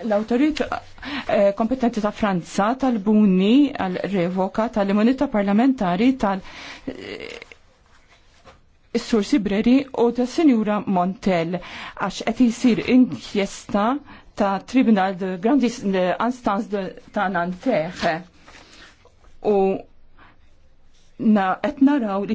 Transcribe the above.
L-autorit eh, kompetenti ta' Franza tal-buni għal-revoka tal immunita parlamentari tal- eh, sur Sibreri u ta' Sinjura Montel għax qed jisir inkjesta ta' Tribunal de Grandis Anstans ta' Nanteħ u na qed naraw li